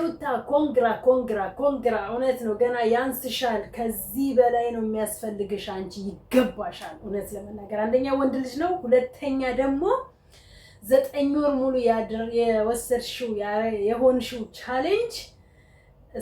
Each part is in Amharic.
ሩታ ኮንግራ ኮንግራ ኮንግራ፣ እውነት ነው። ገና ያንስሻል፣ ከዚህ በላይ ነው የሚያስፈልግሽ። አንቺ ይገባሻል። እውነት ለመናገር አንደኛ ወንድ ልጅ ነው፣ ሁለተኛ ደግሞ ዘጠኝ ወር ሙሉ የወሰድሽው የሆንሽው ቻሌንጅ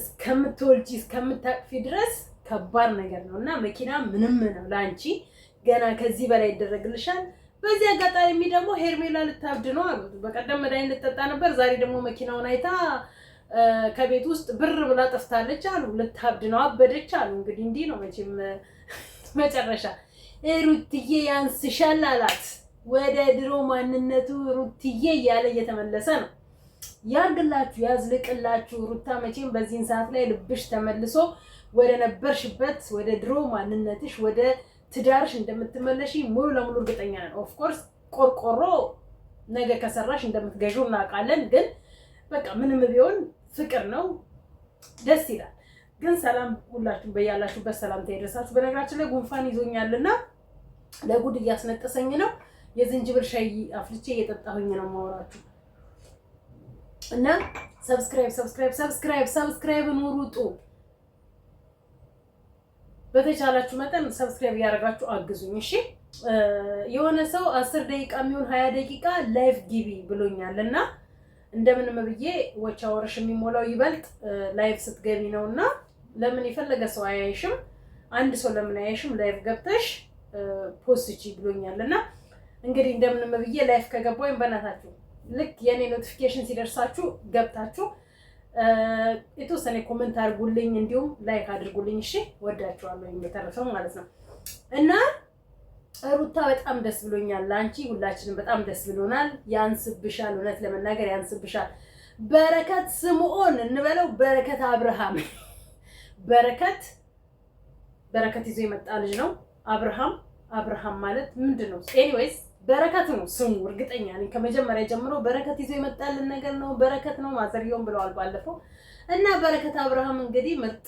እስከምትወልጂ እስከምታቅፊ ድረስ ከባድ ነገር ነው እና መኪና ምንም ነው ለአንቺ። ገና ከዚህ በላይ ይደረግልሻል። በዚህ አጋጣሚ ደግሞ ሄርሜላ ልታብድ ነው አሉ። በቀደም መድኃኒት ልጠጣ ነበር፣ ዛሬ ደግሞ መኪናውን አይታ ከቤት ውስጥ ብር ብላ ጠፍታለች አሉ። ልታብድ ነው አበደች አሉ። እንግዲህ እንዲህ ነው መቼም መጨረሻ። ሩትዬ ያንስሻል አላት። ወደ ድሮ ማንነቱ ሩትዬ እያለ እየተመለሰ ነው። ያርግላችሁ፣ ያዝልቅላችሁ። ሩታ መቼም በዚህን ሰዓት ላይ ልብሽ ተመልሶ ወደ ነበርሽበት ወደ ድሮ ማንነትሽ ወደ ትዳርሽ እንደምትመለሽ ሙሉ ለሙሉ እርግጠኛ ነን። ኦፍኮርስ ቆርቆሮ ነገ ከሰራሽ እንደምትገዢው እናውቃለን። ግን በቃ ምንም ቢሆን ፍቅር ነው፣ ደስ ይላል። ግን ሰላም ሁላችሁ በያላችሁበት ሰላምታ ይድረሳችሁ። በነገራችን ላይ ጉንፋን ይዞኛልና ለጉድ እያስነጠሰኝ ነው። የዝንጅብል ሻይ አፍልቼ እየጠጣሁኝ ነው ማወራችሁ እና ሰብስክራይብ ሰብስክራይብ ሰብስክራይብ ሰብስክራይብ ኑሩጡ በተቻላችሁ መጠን ሰብስክራይብ እያደረጋችሁ አግዙኝ። እሺ የሆነ ሰው አስር ደቂቃ የሚሆን ሀያ ደቂቃ ላይፍ ጊቢ ብሎኛል እና እንደምንም ብዬ ወቻ ወረሽ የሚሞላው ይበልጥ ላይፍ ስትገቢ ነው እና ለምን የፈለገ ሰው አያይሽም? አንድ ሰው ለምን አያይሽም? ላይፍ ገብተሽ ፖስቺ ብሎኛል እና እንግዲህ እንደምንም ብዬ ላይፍ ወይም በእናታችሁ ልክ የእኔ ኖቲፊኬሽን ሲደርሳችሁ ገብታችሁ የተወሰነ ኮመንት አድርጉልኝ፣ እንዲሁም ላይክ አድርጉልኝ። እሺ ወዳችኋለሁ፣ በተረፈ ማለት ነው እና ሩታ በጣም ደስ ብሎኛል። አንቺ ሁላችንም በጣም ደስ ብሎናል። ያንስብሻል፣ እውነት ለመናገር ያንስብሻል። በረከት ስምዖን እንበለው፣ በረከት አብርሃም፣ በረከት በረከት ይዞ የመጣ ልጅ ነው። አብርሃም አብርሃም ማለት ምንድን ነው? ኤኒዌይስ በረከት ነው ስሙ። እርግጠኛ ነኝ ከመጀመሪያ ጀምሮ በረከት ይዞ የመጣልን ነገር ነው። በረከት ነው ማዘርየውን ብለዋል ባለፈው እና በረከት አብርሃም እንግዲህ ምርጥ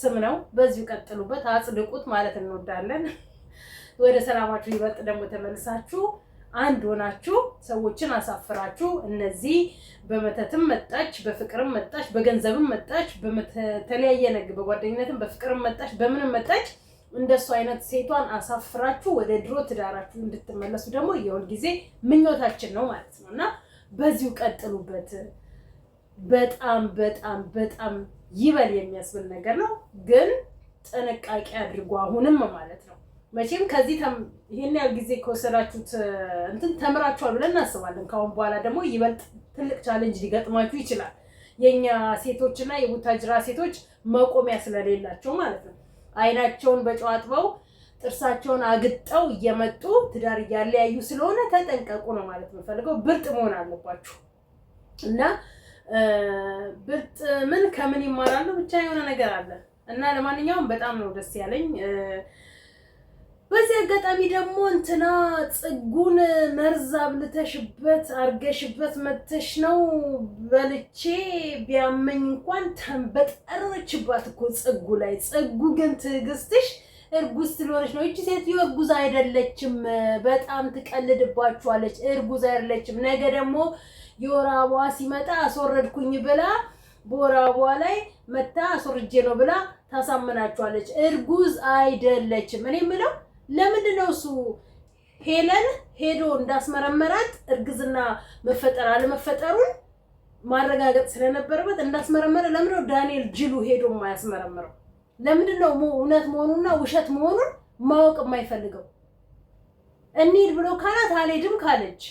ስም ነው። በዚሁ ቀጥሉበት፣ አጽድቁት ማለት እንወዳለን። ወደ ሰላማችሁ ይበልጥ ደግሞ ተመልሳችሁ አንድ ሆናችሁ ሰዎችን አሳፍራችሁ እነዚህ በመተትም መጣች፣ በፍቅርም መጣች፣ በገንዘብም መጣች፣ በተለያየ ነገር በጓደኝነትም በፍቅርም መጣች፣ በምንም መጣች እንደሱ አይነት ሴቷን አሳፍራችሁ ወደ ድሮ ትዳራችሁ እንድትመለሱ ደግሞ የሁል ጊዜ ምኞታችን ነው ማለት ነው እና በዚሁ ቀጥሉበት። በጣም በጣም በጣም ይበል የሚያስብል ነገር ነው፣ ግን ጥንቃቄ አድርጎ አሁንም ማለት ነው መቼም ከዚህ ይህን ያህል ጊዜ ከወሰዳችሁት እንትን ተምራችኋል ብለን እናስባለን። ከአሁን በኋላ ደግሞ ይበልጥ ትልቅ ቻለንጅ ሊገጥማችሁ ይችላል። የእኛ ሴቶችና የቡታጅራ ሴቶች መቆሚያ ስለሌላቸው ማለት ነው። አይናቸውን በጨዋጥበው ጥርሳቸውን አግጠው እየመጡ ትዳር እያለያዩ ስለሆነ ተጠንቀቁ ነው ማለት ነው። ፈልገው ብርጥ መሆን አለባችሁ እና ብርጥ ምን ከምን ይማራሉ ብቻ የሆነ ነገር አለ እና ለማንኛውም በጣም ነው ደስ ያለኝ። በዚህ አጋጣሚ ደግሞ እንትና ጽጉን መርዝ አብልተሽበት አርገሽበት መተሽ ነው በልቼ ቢያመኝ እንኳን ተንበጠረችባት እኮ ጽጉ ላይ። ጽጉ ግን ትዕግስትሽ እርጉዝ ስለሆነች ነው። እቺ ሴትዮ እርጉዝ አይደለችም። በጣም ትቀልድባችኋለች። እርጉዝ አይደለችም። ነገ ደግሞ የወር አበባ ሲመጣ አስወረድኩኝ ብላ በወር አበባ ላይ መታ አስወርጄ ነው ብላ ታሳምናችኋለች። እርጉዝ አይደለችም። እኔ የምለው ለምንድን ነው እሱ ሄለን ሄዶ እንዳስመረመራት እርግዝና መፈጠር አለመፈጠሩን ማረጋገጥ ስለነበረበት እንዳስመረመረ ለምንድነው ዳንኤል ጅሉ ሄዶ የማያስመረምረው? ለምንድን ነው እውነት መሆኑና ውሸት መሆኑን ማወቅ የማይፈልገው? እንሂድ ብሎ ካላት አልሄድም ካለች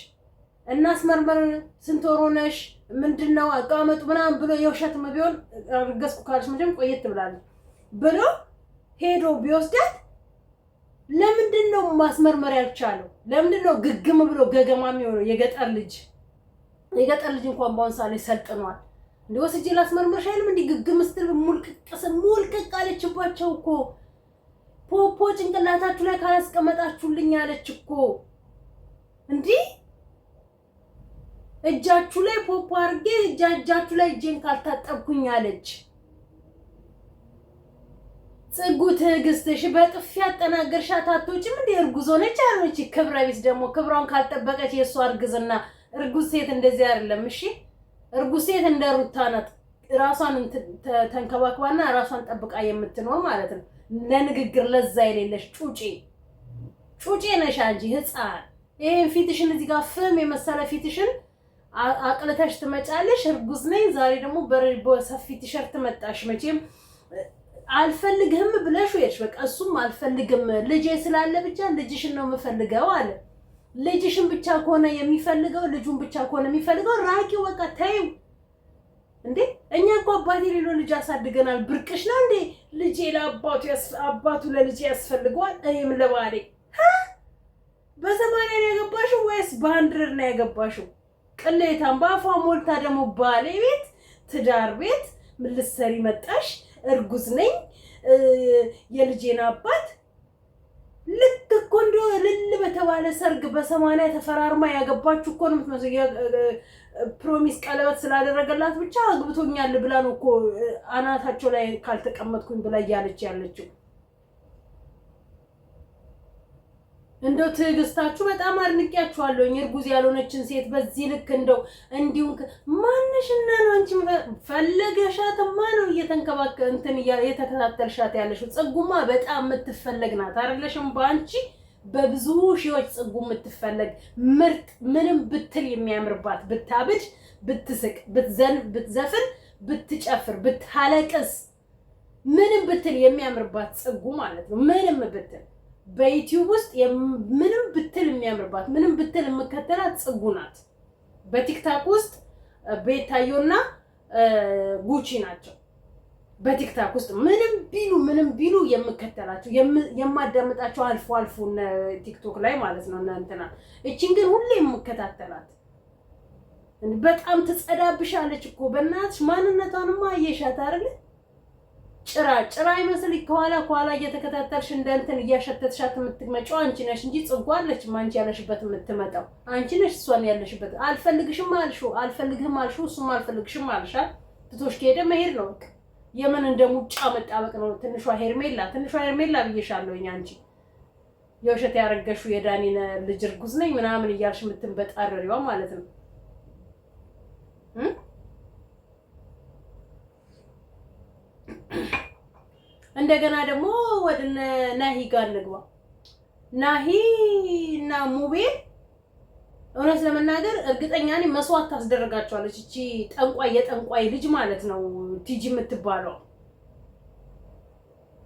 እናስመርመር፣ ስንት ወር ሆነሽ፣ ምንድን ነው አቀማመጡ ምናምን ብሎ የውሸትም ቢሆን እርገዝኩ ካለች መቼም ቆየት ብላለች ብሎ ሄዶ ቢወስዳት ለምንድን ነው ማስመርመር ያልቻለው? ለምንድን ነው ግግም ብሎ ገገማ የሚሆነው? የገጠር ልጅ የገጠር ልጅ እንኳን በአሁን ሰዓት ላይ ሰልጥኗል። እንደ ወስጄ ላስመርመርሽ አይልም። እንዲህ ግግም ስትል ሙልቅቅስ ሙልቅቅ አለችባቸው እኮ ፖፖ ጭንቅላታችሁ ላይ ካላስቀመጣችሁልኝ አለች እኮ እንዲህ እጃችሁ ላይ ፖፖ አድርጌ እጃ እጃችሁ ላይ እጄን ካልታጠብኩኝ አለች። ጽጉ ትዕግስትሽ በጥፊ ያጠናገርሻት አትወጪም እንዴ? እርጉዝ ሆነች አልሆነች? ክብረ ቢስ ደግሞ ክብሯን ካልጠበቀች የእሷ እርግዝና እርጉዝ ሴት እንደዚህ አይደለም። እሺ እርጉዝ ሴት እንደ ሩታ ናት። ራሷን ተንከባክባና ራሷን ጠብቃ የምትኖር ማለት ነው። ለንግግር ለዛ የሌለሽ ጩጪ ጩጪ ነሻ እንጂ ህፃን። ይሄን ፊትሽን እዚህ ጋር ፍም የመሰለ ፊትሽን አቅልተሽ ትመጫለሽ። እርጉዝ ነኝ ዛሬ ደግሞ በሰፊ ቲሸርት መጣሽ መቼም አልፈልግህም ብለሽ ሄድሽ። በቃ እሱም አልፈልግም ልጄ ስላለ ብቻ ልጅሽን ነው የምፈልገው አለ። ልጅሽን ብቻ ከሆነ የሚፈልገው ልጁን ብቻ ከሆነ የሚፈልገው ራቂው፣ በቃ ተይው። እንዴ እኛ እኮ አባቴ ሌሎ ልጅ አሳድገናል። ብርቅሽ ነው እንዴ? ልጄ ለአባቱ አባቱ ለልጄ ያስፈልገዋል፣ እኔም ለባሌ። በሰማንያ ነው ያገባሽው ወይስ በአንድረድ ነው ያገባሽው? ቅሌታም በአፏ ሞልታ ደግሞ ባሌ ቤት ትዳር ቤት ምን ልትሰሪ መጣሽ? እርጉዝ ነኝ የልጄን አባት ልክ እኮ እንደው ልል በተባለ ሰርግ በሰማንያ ተፈራርማ ያገባችሁ እኮ ነው የምትመስለው። ፕሮሚስ ቀለበት ስላደረገላት ብቻ አግብቶኛል ብላ ነው እኮ አናታቸው ላይ ካልተቀመጥኩኝ ብላ እያለች ያለችው። እንደው ትዕግስታችሁ በጣም አድንቄያችኋለሁ። እርጉዝ ያልሆነችን ሴት በዚህ ልክ እንደው እንዲሁ ማነሽና ነው አንቺ ፈለገሻትማ ነው እየተንከባከ እንትን እየተከታተልሻት ያለሽው። ጽጉማ በጣም የምትፈለግ ናት አይደለሽም? በአንቺ በብዙ ሺዎች ጽጉ የምትፈለግ ምርጥ፣ ምንም ብትል የሚያምርባት፣ ብታብድ፣ ብትስቅ፣ ብትዘን፣ ብትዘፍን፣ ብትጨፍር፣ ብታለቅስ፣ ምንም ብትል የሚያምርባት ጽጉ ማለት ነው። ምንም ብትል በዩቲዩብ ውስጥ ምንም ብትል የሚያምርባት ምንም ብትል የምከተላት ጽጉ ናት። በቲክታክ ውስጥ ቤታዮና ጉቺ ናቸው። በቲክታክ ውስጥ ምንም ቢሉ ምንም ቢሉ የምከተላቸው የማዳምጣቸው አልፎ አልፎ ቲክቶክ ላይ ማለት ነው እናንተና እቺን ግን ሁሌ የምከታተላት በጣም ትጸዳብሻለች እኮ በእናትሽ ማንነቷንማ እየሻት አይደል ጭራ ጭራ ይመስል ከኋላ ከኋላ እየተከታተልሽ እንደ እያሸተትሻት የምትመጪው አንቺ ነሽ እንጂ ጽጓ አለችም። አንቺ ያለሽበት የምትመጣው አንቺ ነሽ። እሷን ያለሽበት አልፈልግሽም አልሽው፣ አልፈልግህም አልሽው፣ እሱም አልፈልግሽም አልሻል። ትቶሽ ከሄደ መሄድ ነው። የምን እንደ ሙጫ መጣበቅ ነው። ትንሿ ሄርሜላ ትንሿ ሄርሜላ ብዬሻለሁኝ። አንቺ የውሸት ያረገሹ የዳኒነ ልጅ እርጉዝ ነኝ ምናምን እያልሽ የምትንበጣረሪዋ ማለት ነው። እንደገና ደግሞ ወደ ናሂ ጋር እንግባ። ናሂ እና ሙቤ እውነት ለመናገር እርግጠኛ ነኝ መስዋዕት ታስደረጋቸዋለች። እቺ ጠንቋይ የጠንቋይ ልጅ ማለት ነው ቲጂ የምትባለው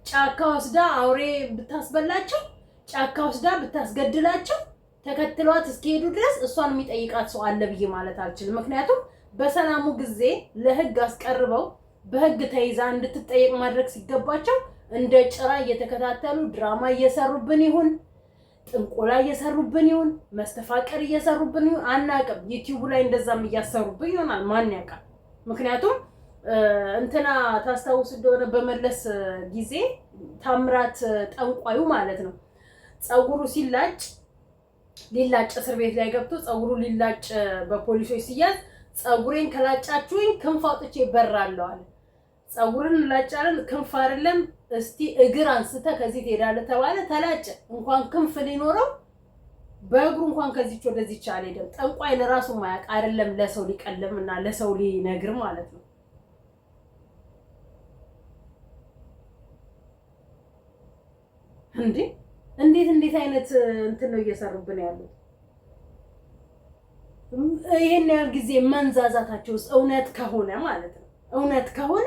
ጫካ ወስዳ አውሬ ብታስበላቸው፣ ጫካ ወስዳ ብታስገድላቸው፣ ተከትሏት እስኪሄዱ ድረስ እሷን የሚጠይቃት ሰው አለ ብዬ ማለት አልችልም። ምክንያቱም በሰላሙ ጊዜ ለህግ አስቀርበው በህግ ተይዛ እንድትጠየቅ ማድረግ ሲገባቸው እንደ ጭራ እየተከታተሉ ድራማ እየሰሩብን ይሁን ጥንቆላ እየሰሩብን ይሁን መስተፋቀር እየሰሩብን ይሁን አናውቅም። ዩቲዩቡ ላይ እንደዛም እያሰሩብን ይሆናል፣ ማን ያውቃል? ምክንያቱም እንትና ታስታውስ እንደሆነ በመለስ ጊዜ ታምራት ጠንቋዩ ማለት ነው ፀጉሩ ሲላጭ ሊላጭ እስር ቤት ላይ ገብቶ ፀጉሩ ሊላጭ በፖሊሶች ሲያዝ ፀጉሬን ከላጫችሁኝ ክንፍ አውጥቼ በራለሁ ጸጉርን እንላጫለን፣ ክንፍ አይደለም እስቲ እግር አንስተ ከዚህ ትሄዳለህ ተባለ። ተላጨ እንኳን ክንፍ ሊኖረው በእግሩ እንኳን ከዚች ወደዚች አልሄደም። ጠንቋይ ለራሱ ማያውቅ አይደለም ለሰው ሊቀልም እና ለሰው ሊነግር ማለት ነው። እንዴ እንዴት እንዴት አይነት እንትን ነው እየሰሩብን ያሉት? ይህን ያህል ጊዜ ውስጥ እውነት ከሆነ ማለት ነው እውነት ከሆነ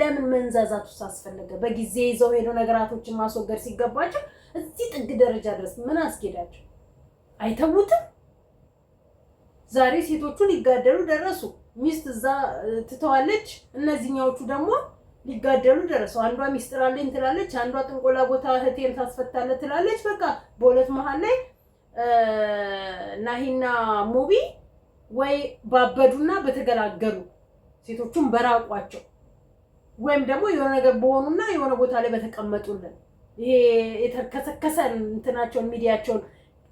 ለምን መንዛዛት ውስጥ አስፈለገ? በጊዜ ይዘው ሄዶ ነገራቶችን ማስወገድ ሲገባቸው እዚህ ጥግ ደረጃ ድረስ ምን አስጌዳቸው? አይተውትም። ዛሬ ሴቶቹ ሊጋደሉ ደረሱ። ሚስት እዛ ትተዋለች። እነዚህኛዎቹ ደግሞ ሊጋደሉ ደረሱ። አንዷ ሚስጥር አለኝ ትላለች፣ አንዷ ጥንቆላ ቦታ እህቴን ታስፈታለ ትላለች። በቃ በሁለት መሀል ላይ ናሂና ሙቢ ወይ ባበዱና በተገላገሉ ሴቶቹን በራቋቸው ወይም ደግሞ የሆነ ነገር በሆኑና የሆነ ቦታ ላይ በተቀመጡልን ይሄ የተከሰከሰ እንትናቸውን ሚዲያቸውን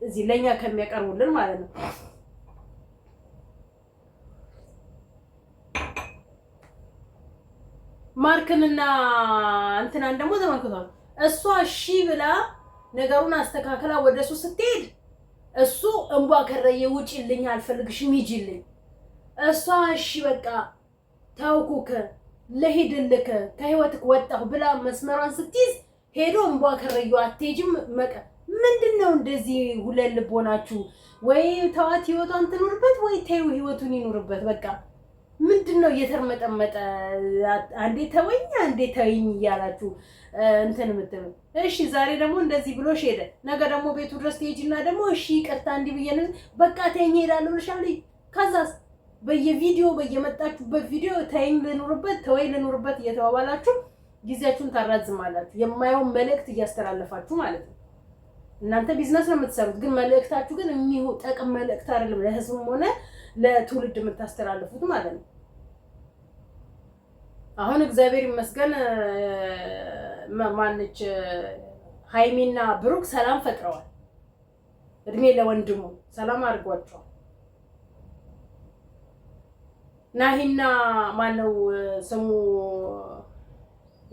እዚህ ለእኛ ከሚያቀርቡልን ማለት ነው። ማርክንና እንትናን ደግሞ ተመልክቷል። እሷ እሺ ብላ ነገሩን አስተካክላ ወደ እሱ ስትሄድ እሱ እንቧ ከረየ ውጭልኝ አልፈልግሽም፣ ሂጂልኝ። እሷ እሺ በቃ ታውኩከ ለሄድልክ ከህይወትክ ወጣሁ ብላ መስመሯን ስትይዝ ሄዶ እንቧ ከረዩ አትሄጂም መቀ ምንድን ነው እንደዚህ ሁለት ልብ ሆናችሁ? ወይ ተዋት ህይወቷን ትኑርበት፣ ወይ ተይው ህይወቱን ይኑርበት። በቃ ምንድን ነው እየተርመጠመጠ አንዴ ተወኝ አንዴ ተይኝ እያላችሁ እንትን የምትሉ? እሺ ዛሬ ደግሞ እንደዚህ ብሎሽ ሄደ፣ ነገ ደግሞ ቤቱ ድረስ ትሄጂና ደግሞ እሺ ይቅርታ እንዲህ ብዬሽ በቃ ተይኝ እሄዳለሁ እልሻለሁ። ከዛስ በየቪዲዮ በየመጣችሁበት ቪዲዮ ተይኝ ልኑርበት ተወይ ልኑርበት እየተባባላችሁ ጊዜያችሁን ታራዝማላችሁ። የማየውን መልእክት እያስተላለፋችሁ ማለት ነው። እናንተ ቢዝነስ ነው የምትሰሩት፣ ግን መልእክታችሁ ግን የሚሁ ጠቅም መልእክት አይደለም ለህዝብም ሆነ ለትውልድ የምታስተላልፉት ማለት ነው። አሁን እግዚአብሔር ይመስገን ማነች ሀይሚና ብሩክ ሰላም ፈጥረዋል። እድሜ ለወንድሙ ሰላም አድርጓቸዋል። ናሂና ማነው ስሙ?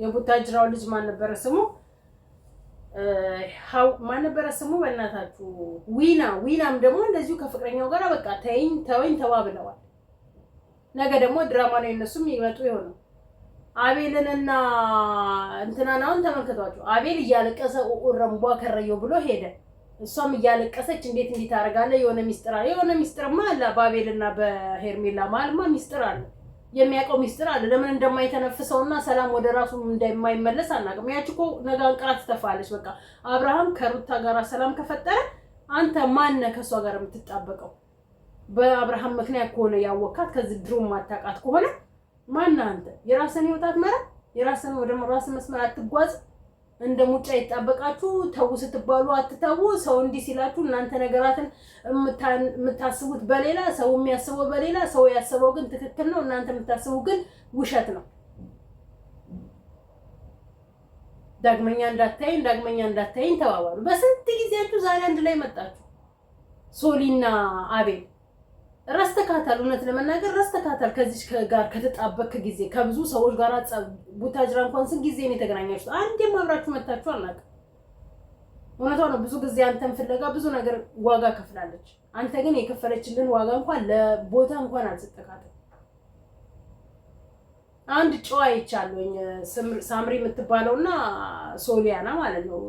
የቡታጅራው ልጅ ማን ነበረ ስሙ? ማን ነበረ ስሙ? በእናታችሁ ዊና። ዊናም ደግሞ እንደዚሁ ከፍቅረኛው ጋር በቃ ተይኝ ተወኝ ተባብለዋል። ነገ ደግሞ ድራማ ነው የነሱም ይመጡ የሆነው። አቤልንና እንትናናውን አሁን ተመልክቷቸው፣ አቤል እያለቀሰ ኦረምቧ ከረየው ብሎ ሄደ። እሷም እያለቀሰች እንዴት እንዴት አደርጋለ የሆነ ሚስጥር አለ። የሆነ ሚስጥርማ አለ። በአቤልና በሄርሜላ መሀልማ ሚስጥር አለ። የሚያውቀው ሚስጥር አለ። ለምን እንደማይተነፍሰውና ሰላም ወደ ራሱ እንደማይመለስ አናውቅም። ያች እኮ ነገ አንቅራ ትተፋለች። በቃ አብርሃም ከሩታ ጋር ሰላም ከፈጠረ አንተ ማነ ከእሷ ጋር የምትጣበቀው? በአብርሃም ምክንያት ከሆነ ያወካት ከዚህ ድሮ ማታውቃት ከሆነ ማነህ አንተ? የራስን ህይወት አትመራ፣ የራስን ወደ ራስ መስመር አትጓዝ። እንደ ሙጫ ይጣበቃችሁ ተው ስትባሉ አትተው። ሰው እንዲህ ሲላችሁ እናንተ ነገራትን የምታስቡት በሌላ ሰው የሚያስበው በሌላ ሰው ያስበው ግን ትክክል ነው፣ እናንተ የምታስቡ ግን ውሸት ነው። ዳግመኛ እንዳታይን ዳግመኛ እንዳታይን ተባባሉ። በስንት ጊዜያችሁ ዛሬ አንድ ላይ መጣችሁ ሶሊና አቤል ረስተካታል። እውነት ለመናገር ረስተካታል። ከዚች ጋር ከተጣበክ ጊዜ ከብዙ ሰዎች ጋር ቡታጅራ እንኳን ስንት ጊዜ ነው የተገናኛችሁት? አንዴም አብራችሁ መታችሁ አናውቅም። እውነቷ ነው። ብዙ ጊዜ አንተን ፍለጋ ብዙ ነገር ዋጋ ከፍላለች። አንተ ግን የከፈለችልን ዋጋ እንኳን ለቦታ እንኳን አልሰጠካትም። አንድ ጨዋ ይቻለኝ ሳምሪ የምትባለው እና ሶሊያና ማለት ነው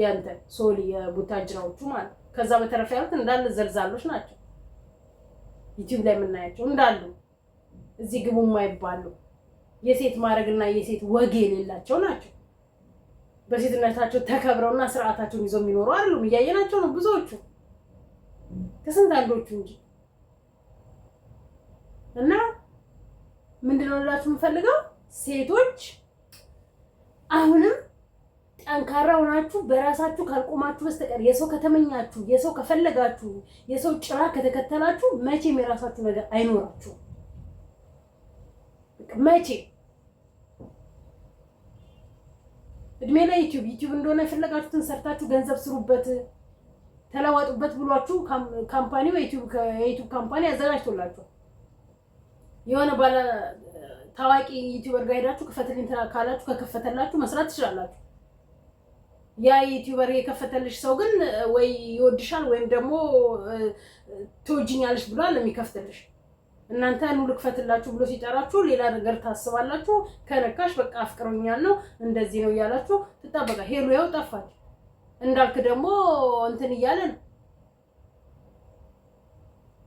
የንተ ሶሊ የቡታጅራዎቹ ማለት ከዛ በተረፈ ያሉት እንዳለ ዘልዛሎች ናቸው። ዩቲዩብ ላይ የምናያቸው እንዳሉ እዚህ ግቡ የማይባሉ የሴት ማድረግና የሴት ወግ የሌላቸው ናቸው። በሴትነታቸው ተከብረውና ስርዓታቸውን ይዘው የሚኖሩ አይደሉም። እያየናቸው ነው ብዙዎቹ፣ ከስንት አንዶቹ እንጂ እና ምንድነው ላችሁ የምፈልገው ሴቶች አሁንም ጠንካራ ሆናችሁ በራሳችሁ ካልቆማችሁ በስተቀር የሰው ከተመኛችሁ፣ የሰው ከፈለጋችሁ፣ የሰው ጭራ ከተከተላችሁ መቼም የራሳችሁ ነገር አይኖራችሁም። መቼ እድሜ ላይ ዩቲዩብ ዩቲዩብ እንደሆነ የፈለጋችሁትን ሰርታችሁ ገንዘብ ስሩበት፣ ተለዋጡበት ብሏችሁ ካምፓኒው የዩቲዩብ ካምፓኒ አዘጋጅቶላችሁ የሆነ ባለ ታዋቂ ዩቲዩበር ጋር ሄዳችሁ ክፈትልኝ ካላችሁ ከከፈተላችሁ መስራት ትችላላችሁ። ያ ዩቲዩበር የከፈተልሽ ሰው ግን ወይ ይወድሻል ወይም ደግሞ ትወጅኛለሽ ብሏል የሚከፍትልሽ። እናንተ ኑ ልክፈትላችሁ ብሎ ሲጠራችሁ ሌላ ነገር ታስባላችሁ። ከነካሽ በቃ አፍቅሮኛል ነው እንደዚህ ነው እያላችሁ ትጠበቃ። ሄሎ ያው ጠፋች እንዳልክ ደግሞ እንትን እያለ ነው።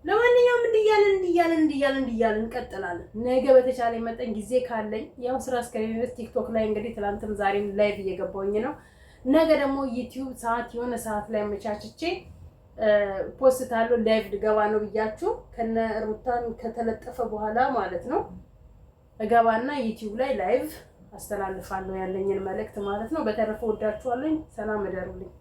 ለማንኛውም እንዲያለን እንዲያለን እንዲያለን እንዲያለን እንቀጥላለን። ነገ በተቻለ መጠን ጊዜ ካለኝ ያው ስራ እስከሌለ ቲክቶክ ላይ እንግዲህ ትናንትም ዛሬም ላይቭ እየገባውኝ ነው ነገ ደግሞ ዩቲዩብ ሰዓት የሆነ ሰዓት ላይ አመቻችቼ ፖስታለሁ። ላይቭ ልገባ ነው ብያችሁ ከነ ሩታን ከተለጠፈ በኋላ ማለት ነው እገባና ዩቲዩብ ላይ ላይቭ አስተላልፋለሁ ያለኝን መልእክት ማለት ነው። በተረፈ ወዳችኋለኝ። ሰላም እደሩልኝ።